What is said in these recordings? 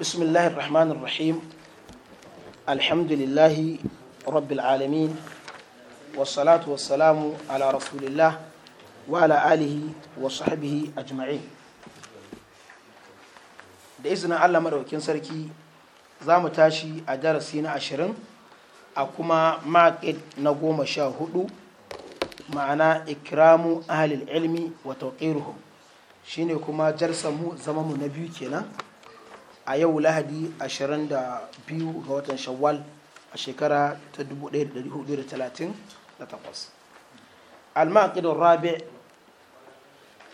بسم الله الرحمن الرحيم الحمد لله رب العالمين والصلاة والسلام على رسول الله وعلى آله وصحبه أجمعين da izinin Allah madaukin sarki za mu tashi a darasi na ashirin a kuma maƙid na goma sha hudu ma'ana ikramu ahalil ilmi wa tauƙiruhum shine kuma jarsa mu zama mu na biyu kenan a yau lahadi 22 ga watan shawwal a shekara ta 1438 al-maqid rabi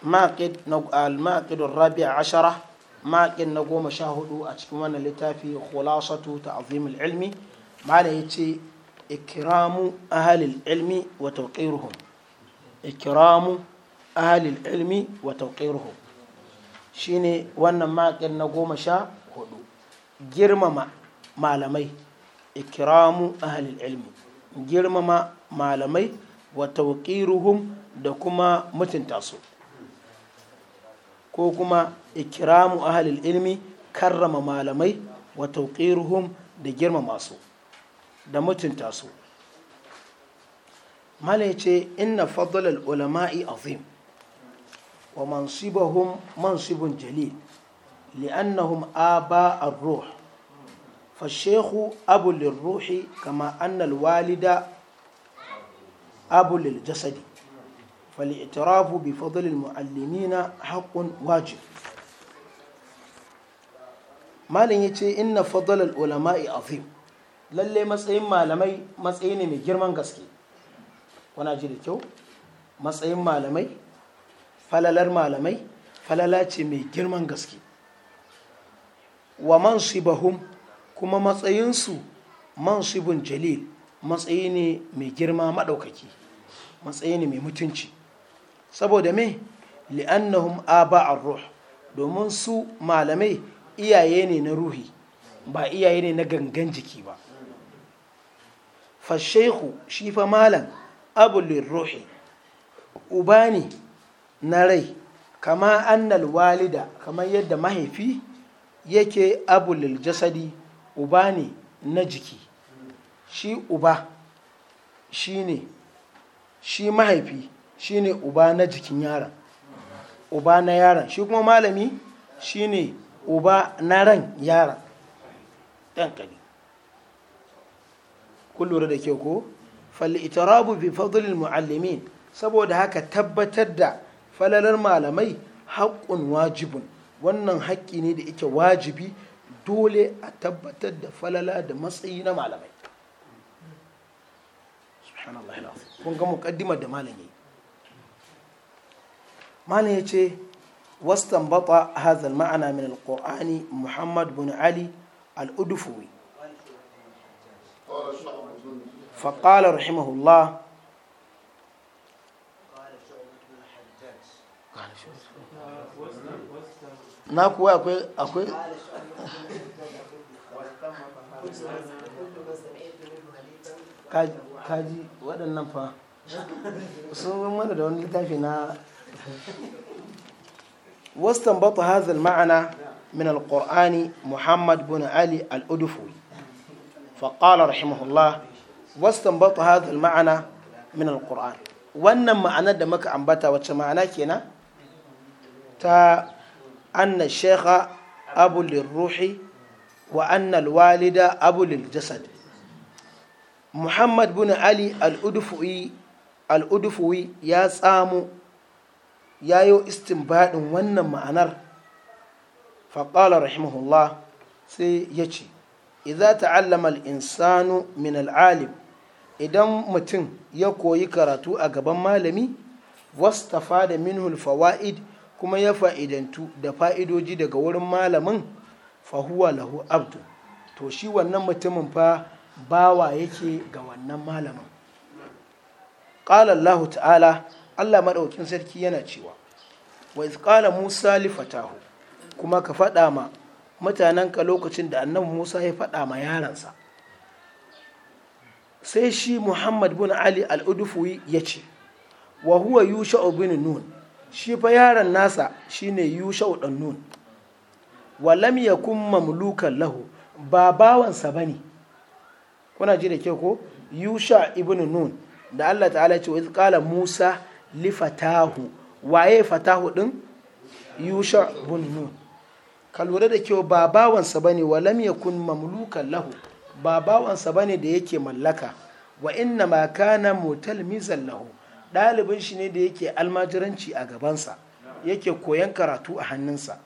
maqid na al-maqid rabi ashara maqid na goma sha hudu a cikin wannan littafi khulasatu ta'zim al-ilmi mala yace ikramu ahli al-ilmi wa tawqiruhum ikramu ahli al-ilmi wa tawqiruhum shine wannan maqid na goma sha girmama malamai ikiramu ahalil ilmi girmama malamai wa tawqiruhum da kuma mutunta su ko kuma ikiramu ahalil ilmi karrama malamai wa tawqiruhum da girmama su da mutunta su mala ce inna fadlal ulama'i azim wa mansibahum mansibun jalil لأنهم آباء الروح فالشيخ أب للروح كما أن الوالد أب للجسد فالاعتراف بفضل المعلمين حق واجب malin ya ce inna fadlal ulama'i azim lalle matsayin malamai matsayi ne mai girman gaske Kuna ji da kyau matsayin malamai falalar malamai falala ce mai girman gaske wa mansibahum kuma matsayinsu mansibun jalil matsayi ne mai girma maɗaukaki matsayi ne mai mutunci saboda me li'annahum aba ruh domin su malamai iyaye ne na ruhi ba iyaye ne na gangan jiki ba fashehu shi fa malam abulin ruhi uba ne na rai kama annal walida kamar yadda mahaifi yake abu jasadi uba ne na jiki shi uba shi ne shi mahaifi shi ne uba na jikin yaron uba na yaron shi kuma malami shi ne uba na ran yaron ɗankali kun da ke ko falitarabu bi fadlil muallimin saboda haka tabbatar da falalar malamai haƙƙun wajibun wannan haƙƙi ne da yake wajibi dole a tabbatar da falala da matsayi na malamai kun ga da malamai malamai ya ce wastan bata hazal ma'ana min alƙo'ani muhammad bin ali al'udufuwi faƙalar rahimahullah na kuwa akwai akwai kaji waɗannan fa sun mana da wani littafi na واستنبط هذا المعنى muhammad القرآن ali al علي faƙala فقال رحمه الله واستنبط هذا المعنى من القرآن wannan ma'anar da muka ambata wacce ma'ana kenan ta anna shekha abu lirruhi wa anna walida abu liljasad muhammad bin ali al'udufuwi ya tsamu ya yi istinbadin wannan ma'anar faƙala rahimahullah sai ya ce idza ta'allama al-insanu min idan mutum ya koyi karatu a gaban malami wastafa da minhul fawa'id kuma ya fa'idantu da fa'idoji daga wurin malamin fahuwa lahu abdu to shi wannan mutumin fa bawa yake ga wannan malamin ƙala ta'ala Allah maɗaukin sarki yana cewa wa ƙala Musa li fatahu kuma ka faɗa ma mutanenka lokacin da annan Musa ya faɗa ma yaransa sai shi Muhammad bin Ali al ya ce wa huwa bin Nun shi fa yaron nasa shine yushau dan nun walam yakun mamlukan lahu ba bawansa bane kuna ji da ke ko yusha ibn nun da Allah ta'ala ce wa qala musa li fatahu waye fatahu din yusha ibn nun ka lura da kyau ba bawansa bane walam yakun mamlukan lahu ba bawansa bane da yake mallaka wa inna ma kana mutalmizan lahu ɗalibin shi ne da yake almajiranci a gabansa yake koyan karatu a hannunsa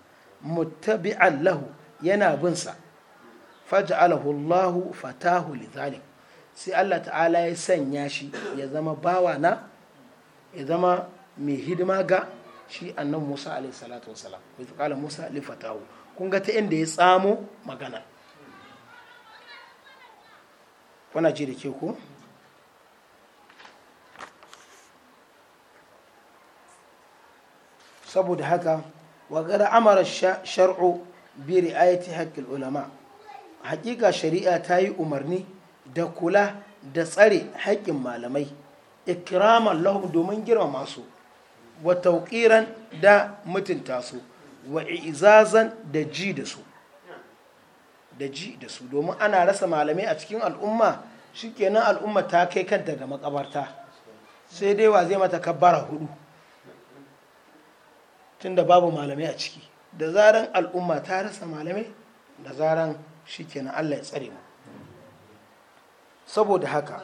mutabi allahu yana binsa faj'alahu alahullahu fatahu lidhalik sai Allah ta'ala ya sanya shi ya zama bawa na ya zama mai hidima ga shi annan Musa alaihi salatu wasalam Musa li fatahu kun ga ta inda ya tsamo magana kuna ji da ke ko saboda haka wa gada amara shar'u bi ri'ayati haqqil ulama hakika shari'a ta yi umarni da kula da tsare haƙƙin malamai ikiraman lahum domin girmama su wa tauƙiran da mutunta su wa izazan da ji da su da ji da su domin ana rasa malamai a cikin al'umma shikenan al'umma ta kai kanta ga makabarta sai dai wa zai mata kabbara hudu tunda babu malamai a ciki da zaran al'umma ta rasa malamai da zaran shi kenan allah ya tsare mu saboda haka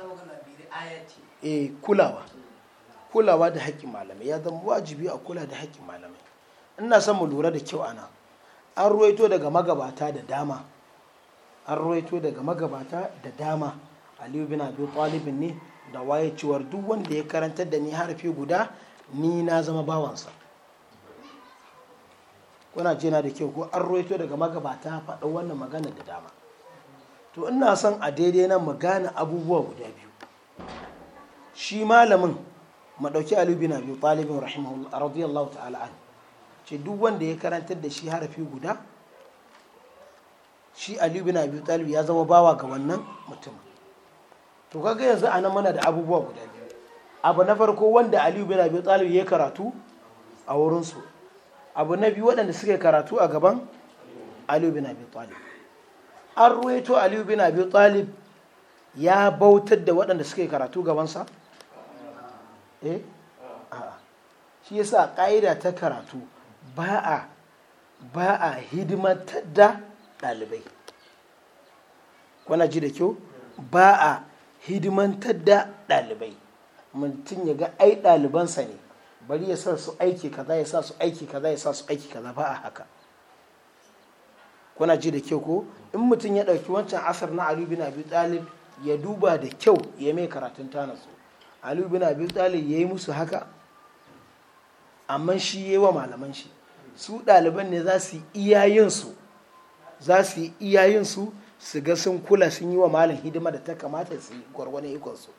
eh kulawa kulawa da haƙƙin malamai ya zama wajibi a kula da haƙƙin malamai ina son mu lura da kyau ana an ruwaito daga magabata da dama an ruwaito daga magabata da dama aliyu bin abu talibin ne da waye cewar duk wanda ya karantar da ni harafi guda ni na zama bawansa kuna jina da kyau ko an roito daga magabata faɗa wannan magana da dama to ina son a daidai nan mu gane abubuwa guda biyu shi malamin madauki alubi na biyu ɗalibin rahimahullah radiyallahu ta'ala an ce duk wanda ya karantar da shi harafi guda shi alubi na biyu Talib ya zama bawa ga wannan mutum to kaga yanzu nan muna da abubuwa guda biyu abu na farko wanda alubi na biyu Talib ya karatu a wurin su abu na biyu waɗanda suka karatu a gaban aliyu bin abi talib an ruwaito aliyu bin abi talib ya bautar da waɗanda suka karatu gabansa eh shi yasa ƙa'ida ta karatu ba a ba a hidimantar da ɗalibai wana ji da kyau ba a hidimantar da ɗalibai mutum ya ga ai ɗalibansa ne bari ya sa su aiki kaza ya sa su aiki kaza ya sa su aiki kaza ba a haka kuna ji da kyau ko in mutum ya ɗauki wancan asar na Ali bin Abi Talib ya duba da kyau ya mai karatun su Ali bin Abi Talib ya yi musu haka amma shi ya yi wa malaman shi su ɗaliban ne za su iya su za su yi iya su su ga sun kula sun yi wa malam hidima da ta kamata su yi gwargwane ikonsu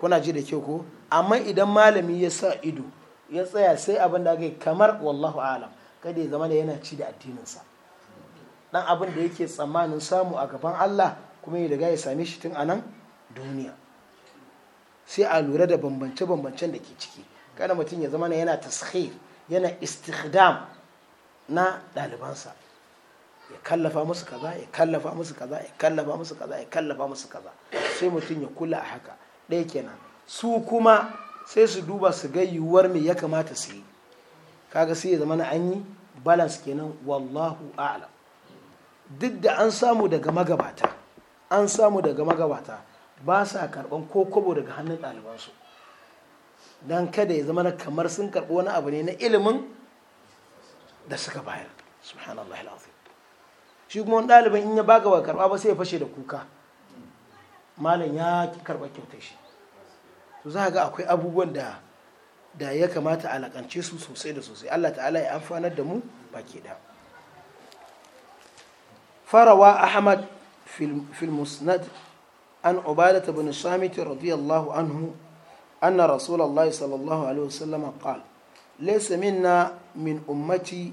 kuna ji da ke ko amma idan malami ya sa ido ya tsaya sai abin da aka kamar wallahu alam kada ya zama da yana ci da addininsa dan abin da yake tsammanin samu a gaban Allah kuma ya riga ya same shi tun anan duniya sai a lura da bambance-bambancen da ke ciki kada mutum ya zama yana tashir yana istikhdam na ɗalibansa ya kallafa musu kaza ya kallafa musu kaza ya kallafa musu kaza ya kallafa musu kaza sai mutum ya kula a haka ɗaya kenan su kuma sai su duba su ga yiwuwar me ya kamata su yi kaga sai ya zama na an yi balance kenan wallahu a'lam duk da an samu daga magabata an samu daga magabata ba sa karban ko kobo daga hannun ɗalibansu don kada ya zama na kamar sun karɓi wani abu ne na ilimin da suka bayar subhanallah alazim shi kuma ɗaliban in ya baga wa karɓa ba sai ya fashe da kuka malam ya karɓar kyautar shi to za ga akwai abubuwan da da ya kamata a lakance su sosai da sosai Allah ta'ala ya amfanar da mu ke da farawa ahmad fil musnad an ta bin samit radiyallahu anhu anna rasulullahi sallallahu alaihi wasallam عليه laysa minna min ummati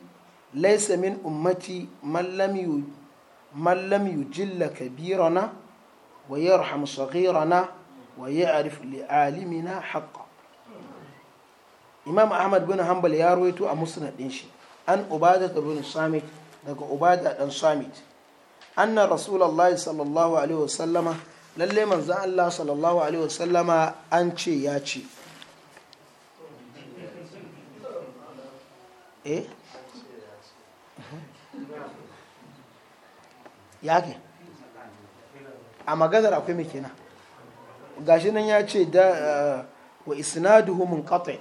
laysa min ummati man lam yu man lam yujilla wa yarham saghirana wa ya'rif li'alimina haqqan imam ahmad bin Hambal ya rawaito a musnad shi an ubada bin samit daga ubada dan samit anna rasulullahi sallallahu alaihi wasallama lalle manzon Allah sallallahu alaihi wasallama an ce ya ce eh? a maganar akwai mai kenan gashi nan ya ce da eh, wa isnaduhu munqati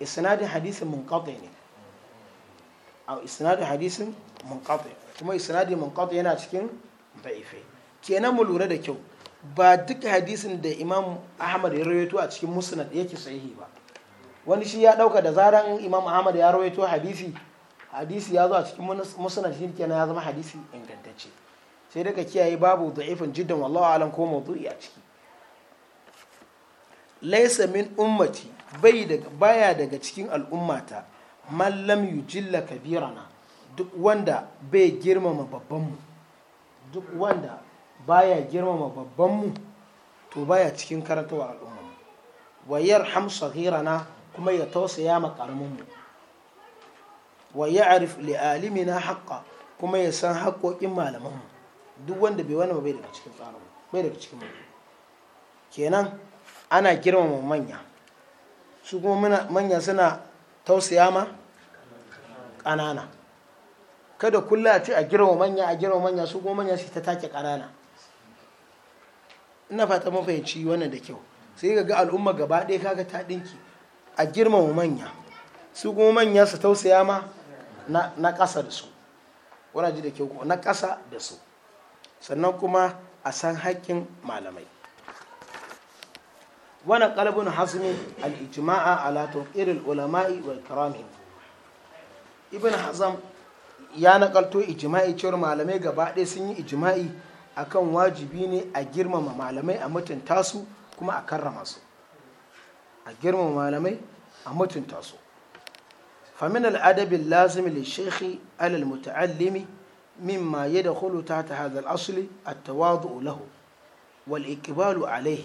isnadin hadisin munqati ne a isnadin hadisin munqati kuma isnadin munqati yana cikin da'ife kenan mu lura da kyau ba duk hadisin da imam ahmad ya rawaito a cikin musnad yake sahihi ba wani shi ya dauka da zaran imam ahmad ya rawaito hadisi hadisi ya zo a cikin musnad shi kenan ya zama hadisi ingantacce sai daga kiyaye babu da'ifin jiddan wallahu alam ko mawdu'i a ciki laisa min ummati bai daga baya daga cikin al'ummata mallam lam yujilla kabirana duk wanda bai girmama babbanmu duk wanda baya girmama babbanmu to baya cikin karantawa al'umma wa yarham saghirana kuma ya tausaya ma karaminmu wa ya'rif li alimina haqqa kuma ya san haƙoƙin malamanmu duk wanda bai wani bai daga cikin tsarin bai daga cikin mu kenan ana girmama manya su kuma manya suna tausaya ma ƙanana kada a ce a girma manya a girma manya su kuma manya su ta take ƙanana ina fata mafayanci wannan da kyau sai ga al'umma gaba ɗaya kaga ta ɗinki a girmama manya su kuma manya su tausaya ma na ƙasa da su wani ji da kyau na ƙasa da su sannan kuma a san haƙƙin malamai wani kalbin hazmi al-ijma'a ala irin ulama'i wa ikramihim ibn hazam ya naƙalto ijimai cewar malamai gaba ɗaya sun yi ijimai akan wajibi ne a girmama malamai a mutunta su kuma a karrama su a girmama malamai a mutunta su famin al'adabin lazimi li shekhi alal muta'allimi مما يدخل تحت هذا الأصل التواضع له والإقبال عليه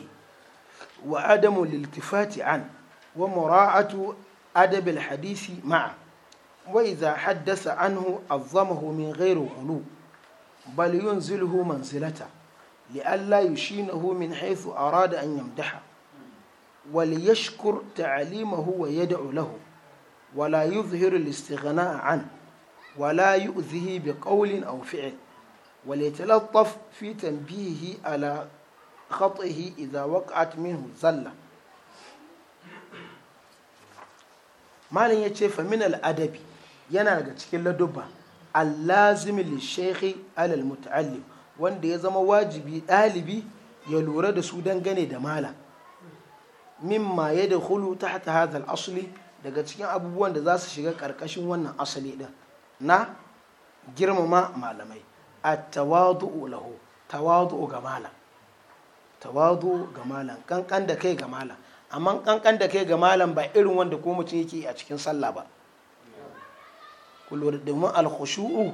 وعدم الالتفات عنه ومراعة أدب الحديث معه وإذا حدث عنه عظمه من غير غلو بل ينزله منزلته لئلا يشينه من حيث أراد أن يمدحه وليشكر تعليمه ويدعو له ولا يظهر الاستغناء عنه ولا يؤذيه بقول أو فعل وليتلطف في تنبيهه على خطئه إذا وقعت منه زلة malin ya ce famin al'adabi yana daga cikin ladubba allazimin lishekhi alal muta'allim wanda ya zama wajibi ɗalibi ya lura da su dangane da malam Min maye da hulu ta hata asali daga cikin abubuwan da za su shiga ƙarƙashin wannan asali ɗin na girmama malamai a tawaduu lahu tawadu ga malam tawadu ga malam kankan da kai ga malam amma kankan da kai ga malam ba irin wanda ko mutum yake a cikin sallah ba kullum da al-khushu'u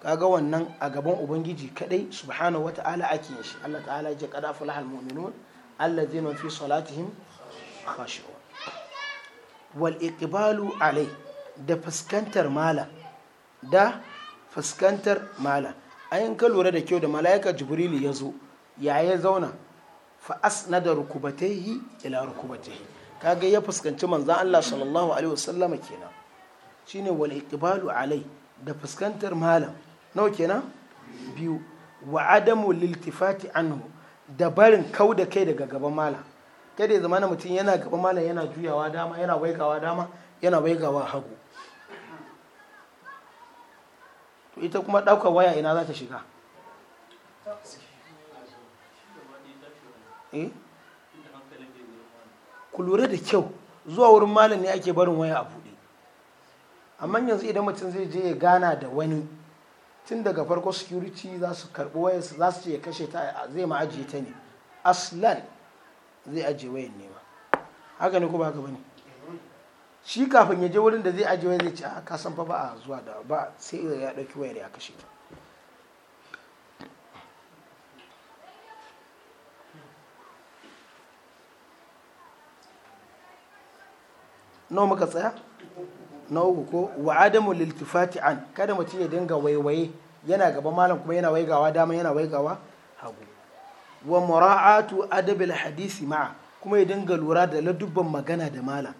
kaga wannan a gaban ubangiji kadai subhanahu wata'ala ake yin shi Allah ta'ala ya kada fulahal mu'minun alladhina fi salatihim khashi'un wal iqbalu alai da fuskantar malam da fuskantar malam ayin ka lura da kyau da mala'ika jibrilu ya zo ya ya zauna fa na da rukubatehi ila rukubatai kaga ya fuskanci manzan Allah sallallahu alaihi wasallama kenan shine wal iqbalu alai da fuskantar malam nawa kenan biyu wa adamu liltifati anhu da barin kau da kai daga gaban malam kada ya zama mutum yana gaban malam yana juyawa dama yana waigawa dama yana waigawa hagu to ita kuma ɗaukar waya ina za ta shiga eh? ku da kyau zuwa wurin malam ne ake barin waya a buɗe amma yanzu idan mutum zai je ya gana da wani tun daga farko security za su karɓi waya za su ce ya kashe ta zai ma ajiye ta ne aslan zai ajiye wayan nema haka ne ko ba ka bane shi kafin ya je wurin da zai aje wani zai ce a ah, kasan fa ba a zuwa da ba sai ya ɗauki wayar ya kashe ta nawa muka tsaya na uku ko wa adamu liltifati an kada mutum ya dinga waiwaye yana gaba malam kuma yana waigawa dama yana waigawa hagu wa mura'atu adabil hadisi ma'a kuma ya dinga lura da ladubban magana da malam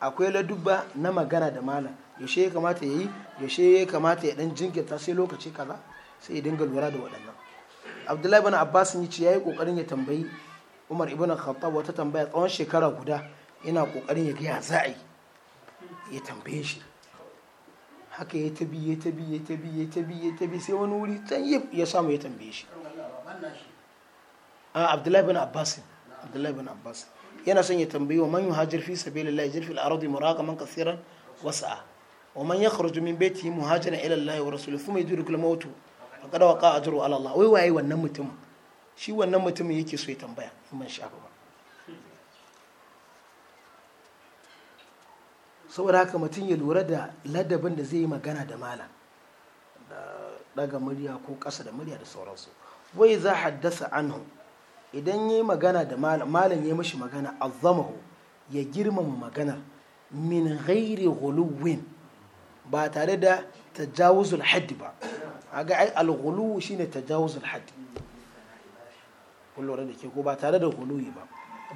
akwai ladubba na magana da malam yaushe ya kamata ya yi yaushe ya kamata ya dan jinkirta sai lokaci kaza sai ya dinga lura da waɗannan abdullahi bin abbas ya ce yayi kokarin ya tambayi umar ibn khattab wata tambaya tsawon shekara guda yana kokarin ya gaya za a yi ya tambaye shi haka ya tabi ya tabi ya tabi ya tabi ya tabi sai wani wuri can ya samu ya tambaye shi abdullahi bin abbas abdullahi bin abbas yana son ya tambayi wa man yuhajir fi sabilillah yajid fil ardi muraqaman kaseeran wasa'a wa man yakhruju min baitihi muhajiran ila Allah wa rasulihi thumma a maut faqad waqa ajru ala Allah wai waye wannan mutum shi wannan mutumin yake so ya tambaya in ban sha ba saboda haka mutum ya lura da ladabin da zai yi magana da malam da daga murya ko ƙasa da murya da sauransu wai za haddasa anhu idan yi magana da malam ya yayi mishi magana azzamahu ya girmama magana min ghairi guluwin ba tare da tajawuzul haddi ba ga ai shi shine tajawuzul haddi kullum da ke ko ba tare da guluwi ba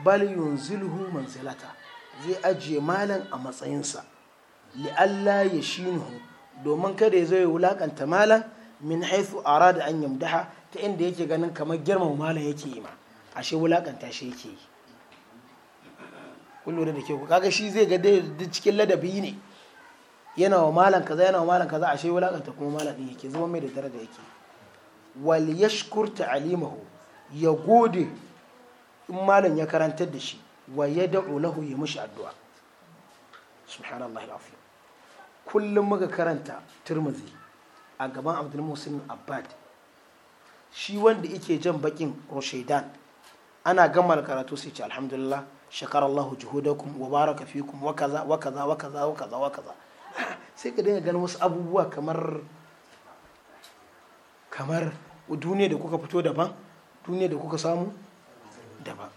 bal yunzilhu manzilata zai ajiye malam a matsayinsa li'alla ya shinuhu domin kada ya zo ya wulakanta malam min haithu arada an yamdaha ta inda yake ganin kamar girmama malam yake yi ma ashe wulakanta shi yake yi kun lura da ke kaga shi zai ga dai cikin ladabi ne yana wa malam kaza yana wa malam kaza ashe wulakanta kuma malam din yake zama mai da tare da yake wal yashkur ta'alimahu ya gode in malam ya karantar da shi wa yad'u lahu ya mishi addu'a subhanallahi alazim kullum muka karanta turmuzi a gaban abdul muslim abbad shi wanda yake jan bakin rushaidan ana gama karatu sai ce alhamdulillah shakar Allahu juhudakum wa baraka fikum wa kaza wa kaza wa kaza wa kaza wa kaza sai ka dinga ganin wasu abubuwa kamar kamar duniya da kuka fito daban duniya da kuka samu daban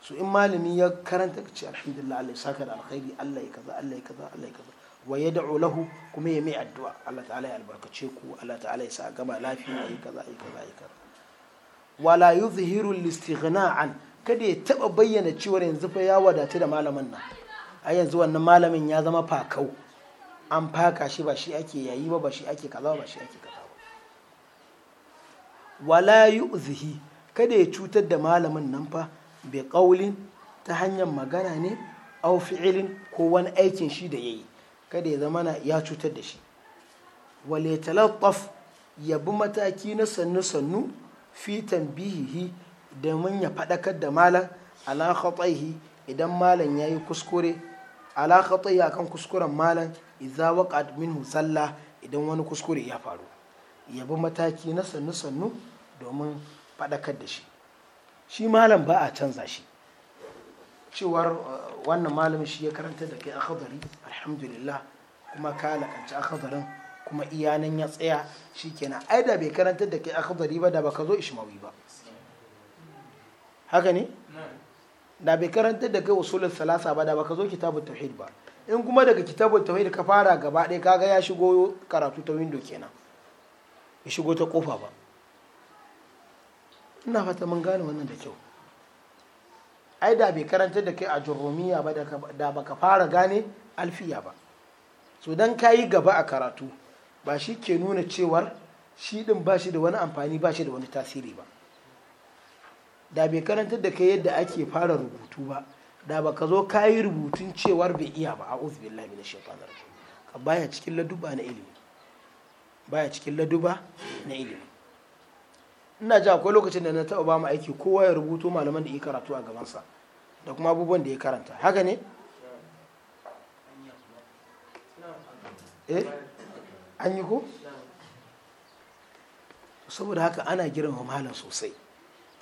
Su in malami ya karanta ka ce alhamdulillah Allah saka da alkhairi Allah ya kaza Allah ya kaza Allah ya kaza wa yad'u lahu kuma ya mai addu'a Allah ta'ala ya albarkace ku Allah ta'ala ya sa gama lafiya ya kaza ya kaza ya kaza wala yuzhiru an kada ya taba bayyana cewa yanzu fa ya wadata da malamin nan a yanzu wannan malamin ya zama fakau an faka shi ba shi ake yayi ba ba shi ake kaza ba shi ake kaza ba wala zihi kada ya cutar da malamin nan fa bai qaulin ta hanyar magana ne au fi'ilin ko wani aikin shi da yayi kada ya zama ya cutar da shi wale talattaf ya bi mataki na sannu sannu fitan tambihihi domin ya faɗakar da malam ala idan idan malam yi kuskure ala akan kuskuren malam iza waqat minhu sallah idan wani kuskure ya faru ya bi mataki na sannu sannu domin faɗakar da shi shi malam ba a canza shi cewar wannan malamin shi ya karanta da kai akhadari alhamdulillah kuma ka lakanci akhadarin kuma nan ya tsaya shikenan ai da bai karanta da kai akhdari ba da baka zo ishmawi ba haka ne da bai karanta da kai usulul salasa ba da baka zo kitabut tauhid ba in kuma daga kitabut tauhid ka fara gaba ɗaya kaga ya shigo karatu ta window kenan ya shigo ta kofa ba ina fata mun gane wannan da kyau ai da bai karanta da kai a jurrumiya ba da baka fara gane alfiya ba so dan kayi gaba a karatu ba shi ke nuna cewar shi ɗin ba shi da wani amfani ba shi da wani tasiri ba da bai karantar da kai yadda ake fara rubutu ba da ba ka zo kayi yi rubutun cewar bai iya ba a uzu billahi na shekwanar ka baya cikin laduba na ilimi baya cikin laduba na ilimi ina ji akwai lokacin da na taɓa ba mu aiki kowa ya rubuto malaman da ya karatu a gabansa da kuma abubuwan da ya karanta haka ne eh an yi saboda haka ana girma malam sosai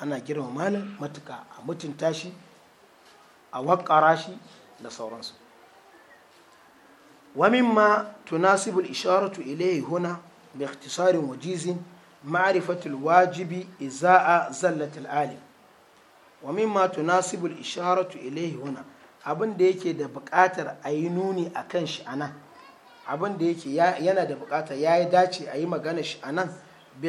ana girma malam matuka a mutunta shi a wakara shi da sauransu wamin ma tunasibul isharatu ilayhi huna bi ikhtisarin wajizin ma'rifatul wajibi iza'a zallat alim wamin ma tunasibul isharatu ilayhi huna abin da yake da buƙatar a yi nuni a kan shi a nan. abin da yake yana da bukata ya yi dace a yi magana shi a nan bi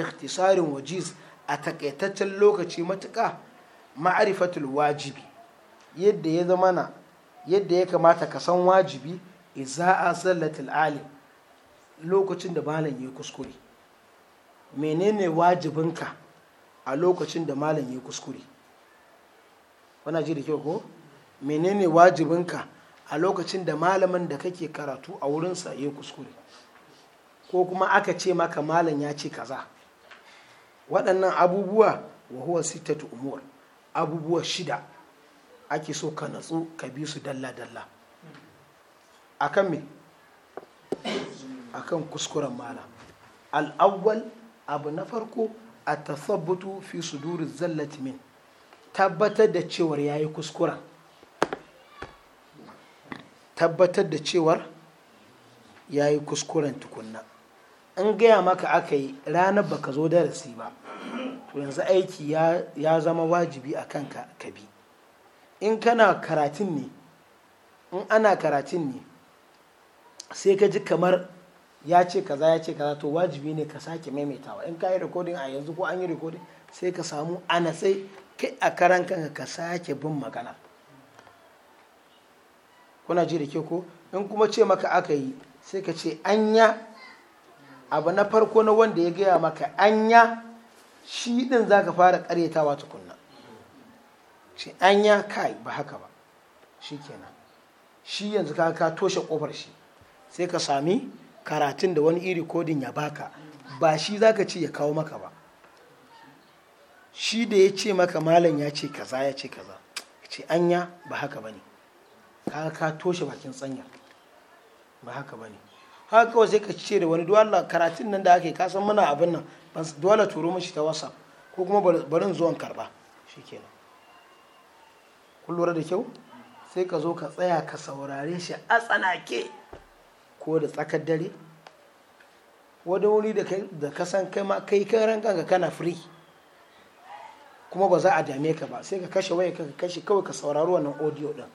wajiz a takaitaccen lokaci matuka ma'arifatul wajibi yadda ya zama na yadda ya kamata ka san wajibi a sallatul alim lokacin da malam ya kuskure menene wajibinka a lokacin da malam ya kuskure wana ji da kyau ko menene wajibinka a lokacin da malamin da kake karatu a wurinsa ya kuskure ko kuma aka ce maka malam ya ce kaza waɗannan abubuwa wa huwa sittatu umur abubuwa shida ake so ka natsu ka bi su dalla-dalla akan me akan kuskuren malam al'awwal abu na farko a tasabbutu fi sudurin zallati min tabbatar da cewar yayi kuskuren tabbatar da cewar ya yi kuskuren tukunna in gaya maka aka yi ranar baka zo darasi ba to yanzu aiki ya zama wajibi a kanka ka bi in kana karatun ne in ana karatun ne sai ka ji kamar ya ce kaza ya ce kaza to wajibi ne ka sake maimaitawa in ka yi rikodin a yanzu ko an yi rikodin sai ka samu a sai kai a karan kanka ka sake bin magana kuna ji da ke ko in kuma ce maka aka yi sai ka ce anya abu na farko na wanda ya gaya maka anya shi din za ka fara karyatawa tukunna ce anya kai ba haka ba shi kenan shi yanzu ka ka toshe kofar shi sai ka sami karatun da wani iri kodin ya baka ba shi za ka ce ya kawo maka ba shi da ya ce maka malam ya ce kaza ya ce kaza ce anya ba haka ba ne kaga ka toshe bakin tsanya ba haka ba ne haka kawai sai ka ce da wani duwala karatun nan da ake kasan mana abin nan duwala turo mashi ta wasap ko kuma barin zuwan karba shi kenan kun da kyau sai ka zo ka tsaya ka saurare shi a tsanake ko da tsakar dare wani wuri da ka san kai ma kai kan ga kana free kuma ba za a dame ka ba sai ka kashe waya ka kashe kawai ka saurari wannan audio din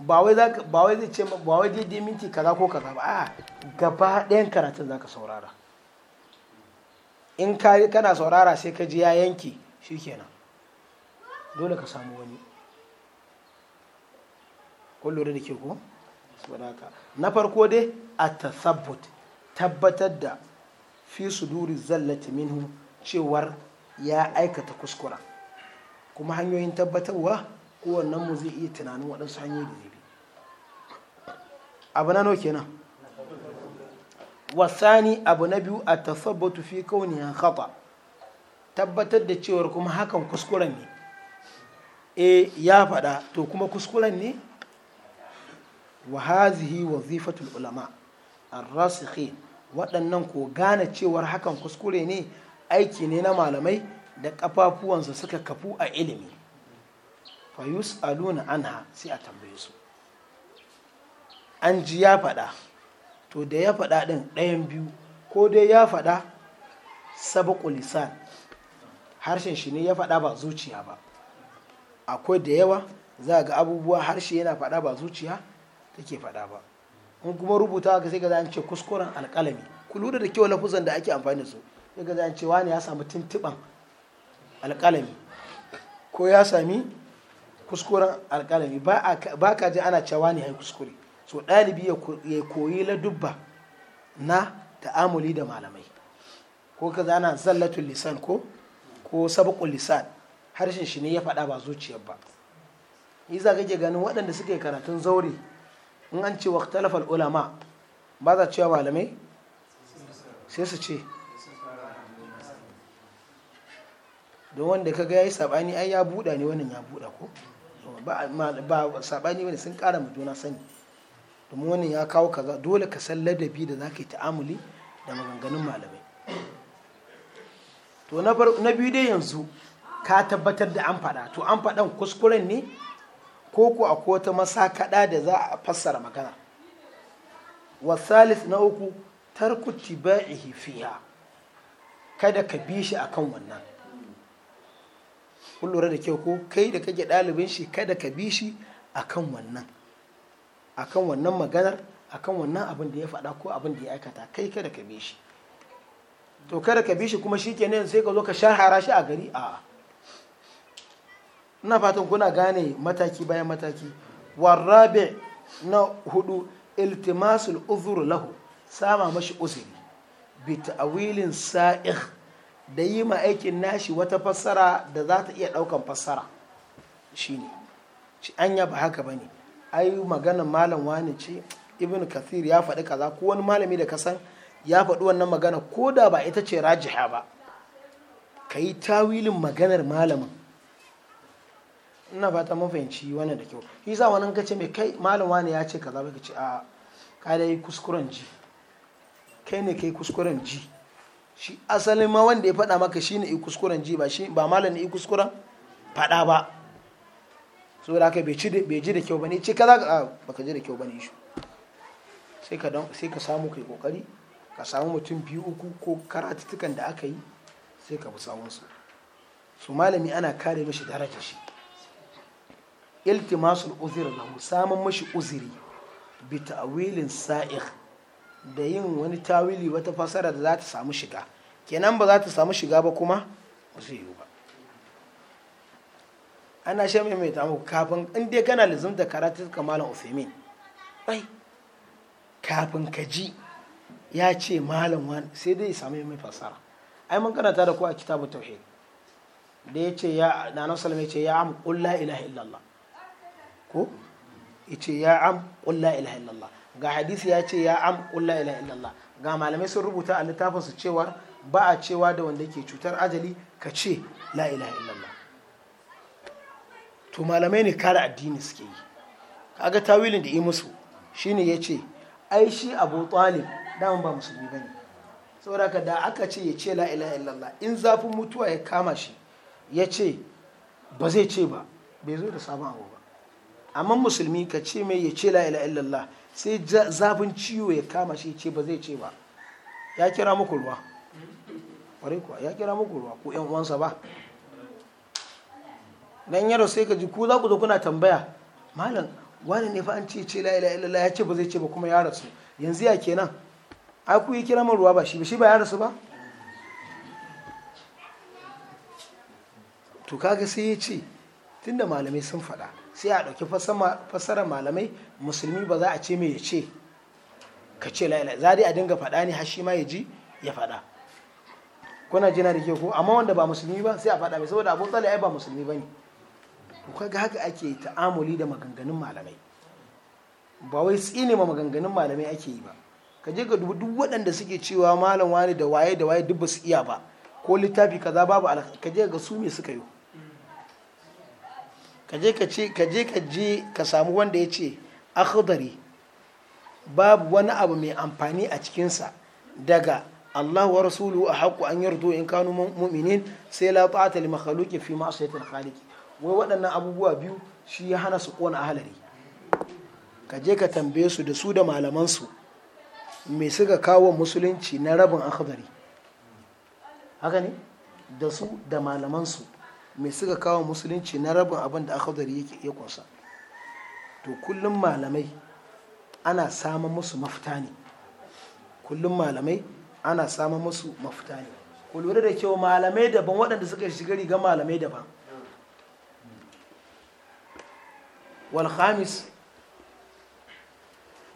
ba wai zai ce ba wai daidai minti kaza ko kaza ba a gaba ɗayan karatun zaka saurara in kana saurara sai ka ji ya yanke shikenan dole ka samu wani kullum da ke ko na farko dai a tasabbut tabbatar da fi suduri zallati minhu cewar ya aikata kuskura kuma hanyoyin tabbatarwa kowannen mu zai iya tunanin waɗansu hanyoyi da zai bi abu na nau kenan wasani abu na biyu a tasabbatu fi kauniyan khata tabbatar da cewar kuma hakan kuskuren ne e ya faɗa to kuma kuskuren ne wa hazihi wazifatul ulama ar waɗannan ko gane cewar hakan kuskure ne aiki ne na malamai da kafafuwansa suka kafu a ilimi fayus aluna anha sai a tambaye su an ji ya faɗa to da ya faɗa ɗin ɗayan biyu ko dai ya faɗa sabaku lisan harshen shi ne ya faɗa ba zuciya ba akwai da yawa za ga abubuwa harshe yana faɗa ba zuciya take faɗa ba in kuma rubuta ka sai ga an ce kuskuren alƙalami ku lura da kyau lafuzan da ake amfani da su sai ga an ce wani ya sami tuntuɓan alƙalami ko ya sami kuskuren alkalami ba ka ji ana cewa ne hai kuskure so ɗalibi ya koyi ladubba na ta'amuli da malamai ko ka zana zallatul lisan ko ko sabakul lisan harshen shi ne ya faɗa ba zuciyar ba yi za kake ganin waɗanda suke karatun zaure in an ce waktalafal ulama ba za cewa malamai sai su ce don wanda ka ga ya yi sabani ai ya buɗa ne wannan ya buɗa ko ba saɓani sun kara ma juna sani domin wani ya kawo za dole ka san ladabi da za ka yi ta'amuli da maganganun malamai to na biyu dai yanzu ka tabbatar da an faɗa to an faɗan kuskuren ne ko ko akwai wata masakaɗa da za a fassara magana wasalis na uku tarku tiba'ihi fiya kada ka bi shi akan wannan kun lura da kyau ko kai da kake ɗalibin shi kada ka bi shi akan wannan akan wannan maganar akan wannan abin da ya faɗa ko abin da ya aikata kai kada ka bi shi to kada ka bi shi kuma shi kenan sai ka zo ka shahara shi a gari a ina fatan kuna gane mataki bayan mataki warrabe na hudu iltimasul uzur lahu sama mashi uzuri bi ta'awilin sa'ih da yi ma aikin nashi wata fassara da za ta iya ɗaukan fassara shi ne shi an ba haka ba ne ai maganan malam wani ce ibn kathir ya faɗi kaza ko wani malami da kasan ya faɗi wannan magana ko da ba ita ce rajiha ba ka yi tawilin maganar malamin ina fata mun fahimci wannan da kyau shi sa wani kace mai kai malam wani ya ce kaza ba ka ce a kuskuren ji kai ne kai kuskuren ji shi asalin ma wanda ya faɗa maka shi ne i kuskuren ji ba shi ba malam i kuskuren faɗa ba saboda haka bai ji da kyau ne ce za ka baka ji da kyau ne shi sai ka don sai ka samu kai kokari ka samu mutum biyu uku ko karatutukan da aka yi sai ka bi sawun su su malami ana kare mishi darajar shi iltimasul uzir lahu samun mishi uziri bi ta'wilin sa'ih da yin wani tawili wata fasara da za ta samu shiga kenan ba za ta samu shiga ba kuma ba su yiwu ba ana shan mai mai tamu kafin in dai kana lizimta karatu malam ufemin ai kafin ka ji ya ce malam wani sai dai sami mai fasara ai mun karanta da ku a kitabu tauhe da ya ce ya na nan salama ya ce ya am qul ilaha illallah ko ya ce ya am qul ilaha illallah ga hadisi ya ce ya am la ilaha illallah ga malamai sun rubuta a littafin su cewa ba a cewa da wanda ke cutar ajali ka ce la ilaha illallah to malamai ne kare addini suke yi kaga tawilin da yi musu shine ya ce ai shi abu tsalin daman ba musulmi ba ne saboda ka da aka ce ya ce la ilaha illallah in zafin mutuwa ya kama shi ya ce ba zai ce ba bai zo da sabon abu ba amma musulmi ka ce mai ya ce la ila illallah sai zafin ciwo ya kama shi ce ba zai ce ba ya kira muku ruwa ƙwarai kuwa ya kira muku ruwa ko yan uwansa ba dan yaro sai ka ji ku za ku zo kuna tambaya malam wani ne fa an ce ce la ila illallah ya ce ba zai ce ba kuma ya rasu yanzu ya kenan ai ku yi kira mun ruwa ba shi ba shi ba ya rasu ba to kaga sai ya ce tunda malamai sun faɗa sai a ɗauki fassara malamai musulmi ba za a ce mai ya ce ka ce la'ila za a dinga faɗa ne har shi ma ya ji ya faɗa kuna jina da ke ko amma wanda ba musulmi ba sai a faɗa mai saboda abu tsala ba musulmi ba ne ku ga haka ake ta'amuli da maganganun malamai ba wai tsine ma maganganun malamai ake yi ba ka je ga dubu duk waɗanda suke cewa malam wani da waye da waye duk ba su iya ba ko littafi kaza babu ka je ga su me suka yi ka je ka je ka samu wanda ya ce akhdari babu wani abu mai amfani a cikinsa daga Allah wa rasulu a haku an yardo in kanu mu'minin sai la ta'ata li makhluqin fi ma'siyatil khaliq wai waɗannan abubuwa biyu shi ya hana su kona ahalari ka je ka tambaye su da su da malaman su me suka kawo musulunci na rabin akhdari haka ne da su da malaman su me suka kawo musulunci na rabin abin da aka zari yake ya kunsa to kullum malamai ana samun musu mafita ne kullum malamai ana samun musu mafita ne ku lura da kyau malamai daban waɗanda suka shiga riga malamai daban walhamis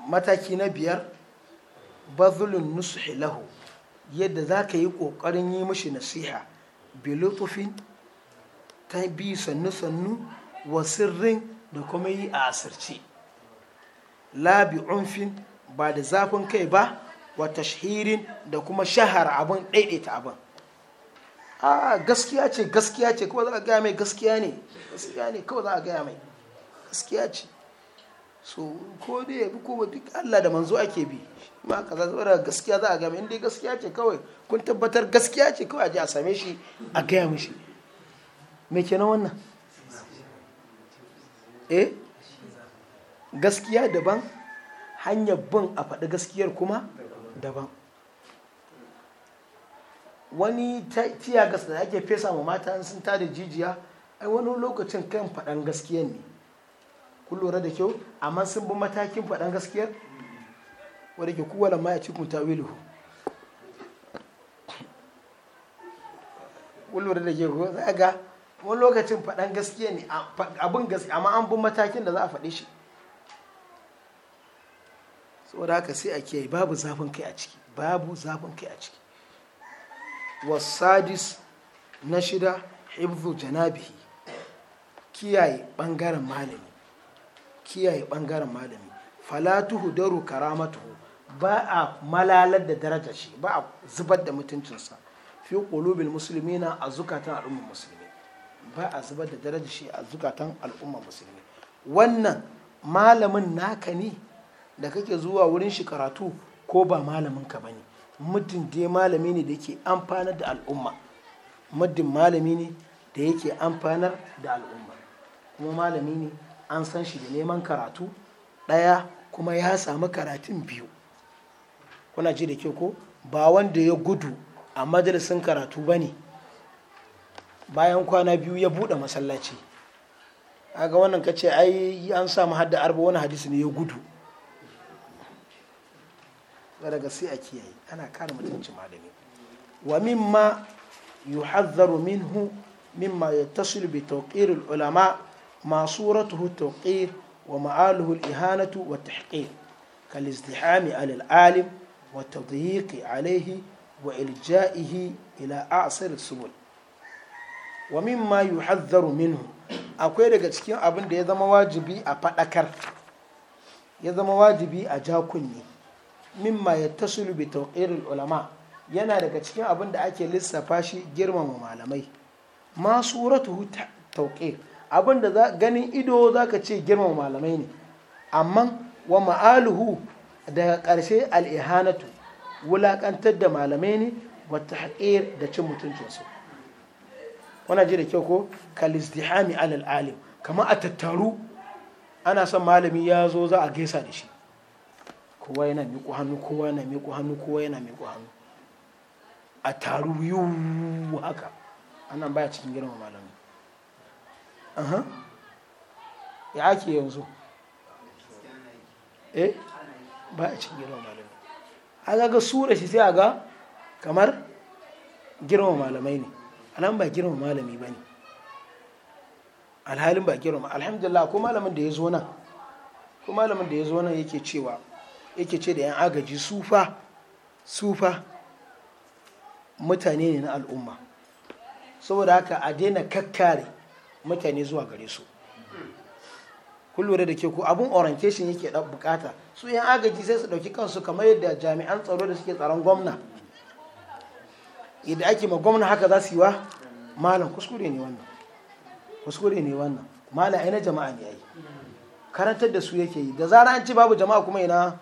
mataki na biyar bazulun nusuhi lahu yadda za ka yi ƙoƙarin yi mashi nasiha bilutufin ta bi sannu-sannu wa sirrin da kuma yi a asirce labi unfin ba da zafin kai ba wa tashirin da kuma shahara abin ɗaiɗaita abin a gaskiya ce gaskiya ce kawai za a gaya mai gaskiya ne gaskiya ne kawai za a gaya mai gaskiya ce so ko dai ya bi ko duk Allah da manzo ake bi ma ka za saboda gaskiya za a gaya mai inda gaskiya ce kawai kun tabbatar gaskiya ce kawai a je a same shi a gaya mishi me kenan wannan eh gaskiya daban hanyar bin a faɗi gaskiyar kuma daban wani tiya gasa da ake fesa ma mata sun tada jijiya ai wani lokacin kan faɗan gaskiyar ne kun lura da kyau amma sun bi matakin faɗan gaskiyar wadda ke kowane ma ya ci kun tawilu kun lura da kyau za ga wani lokacin faɗan gaskiya ne abin gaskiya amma an bi matakin da za a faɗe shi saboda haka sai a kiyaye babu zafin kai a ciki babu zafin kai a ciki wasadis na shida hibzu janabihi kiyaye ɓangaren malami kiyaye ɓangaren malami falatuhu daru karamatuhu ba a malalar da darajar shi ba a zubar da mutuncinsa fi ƙulubin musulmi na a zukatan al'ummar musulmi ba a zubar da darajar shi a zukatan al'umma musulmi wannan malamin naka ne da kake zuwa wurin shi karatu ko ba malamin ka bane muddin dai malami ne da yake amfanar da al'umma muddin malami ne da yake amfanar da al'umma kuma malami ne an san shi da neman karatu ɗaya kuma ya samu karatun biyu kuna ji da kyau ko ba wanda ya gudu a majalisin karatu ba ne bayan kwana biyu ya buɗe masallaci aga wannan ka ce ai an samu hadda arba wani hadisi ne ya gudu daga sai a kiyaye ana kare mutunci malami wa mimma yuhazzaru minhu mimma yattasilu bi tawqir ulama ma suratuhu tawqir wa ma'aluhu al ihanatu wa tahqir kal izdihami al alim wa tadhiqi alayhi wa iljaihi ila a'sar subul wa mimma yuhadharu minhu akwai daga cikin abin da ya zama wajibi a faɗakar ya zama wajibi a jakunni mimma ya tasulu bi tawqirul ulama yana daga cikin abin da ake lissafa shi girmama malamai ma suratuhu tawqir abin da ganin ido zaka ce girmama malamai ne amma wa ma'aluhu daga ƙarshe al'ihanatu wulaƙantar da malamai ne wata haƙir da cin mutuncinsu wannan ji da kyau ko kalistihami alal alim kama a tattaru ana son malami ya zo za a gaisa da shi kowa yana miƙo hannu kowa yana miƙo hannu kowa yana miƙo hannu a taru yiwu haka annan baya cikin girma malami ya ake yanzu eh baya cikin girma malami a ga sura shi sai a ga kamar girma malamai ne alhamdu ba girma malami ba ne alhalin ba girma alhamdulillah ko malamin da ya zo nan ko malamin da ya zo nan yake cewa yake ce da yan agaji sufa sufa mutane ne na al'umma saboda haka a daina kakkare mutane zuwa gare su kun lura da ke ku abun orientation yake bukata su yan agaji sai su dauki kansu kamar yadda jami'an tsaro da suke tsaron gwamna yadda ake ma gwamna haka za su yi wa malam kuskure ne wannan kuskure ne wannan malam ai na jama'a ne ai karantar da su yake yi da zara an ci babu jama'a kuma ina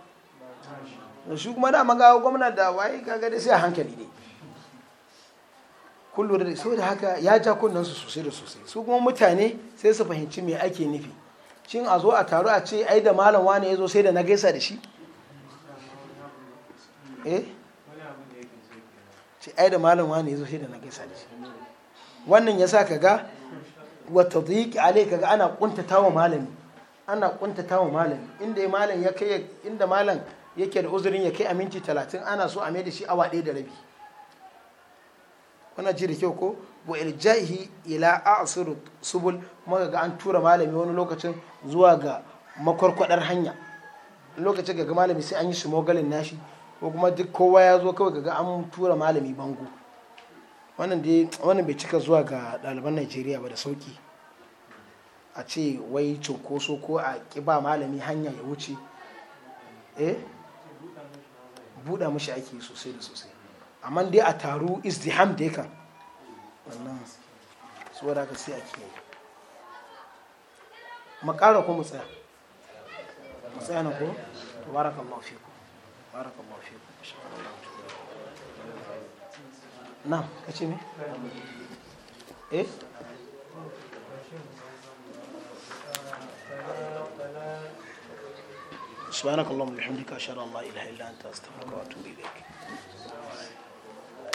da shi kuma da magawa gwamna da waye kaga dai sai a hankali ne da lura da haka ya ja kunnan su sosai da sosai su kuma mutane sai su fahimci me ake nufi shin a zo a taru a ce ai da malam wani ya zo sai da na gaisa da shi eh ce ai da malam wani zo shi da na gaisa da shi wannan yasa kaga wata tadhiq alai kaga ana kuntata wa malami ana kuntata wa malami inda malam ya kai inda malam yake da uzurin ya kai aminci talatin ana so a mai da shi awa ɗaya da rabi wannan ji da kyau ko wa irjahi ila asir subul kuma ga an tura malami wani lokacin zuwa ga makwarkwadar hanya lokacin ga malami sai an yi mogalin nashi ko kuma duk kowa ya zo kawai kaga an tura malami bango wannan bai cika zuwa ga ɗaliban najeriya ba da sauki a ce wai cokoso ko a ƙiba malami hanya ya wuce eh buɗa mashi ake sosai da sosai amma dai a taru izdiham da yakan wannan saboda haka sai a kiyaye makara ko mu tsaya mu tsaya na ko tabarakallahu ku. Naam, kache ni? Eh? Subhanakallahumma wa bihamdika ashhadu an la ilaha illa anta astaghfiruka wa atubu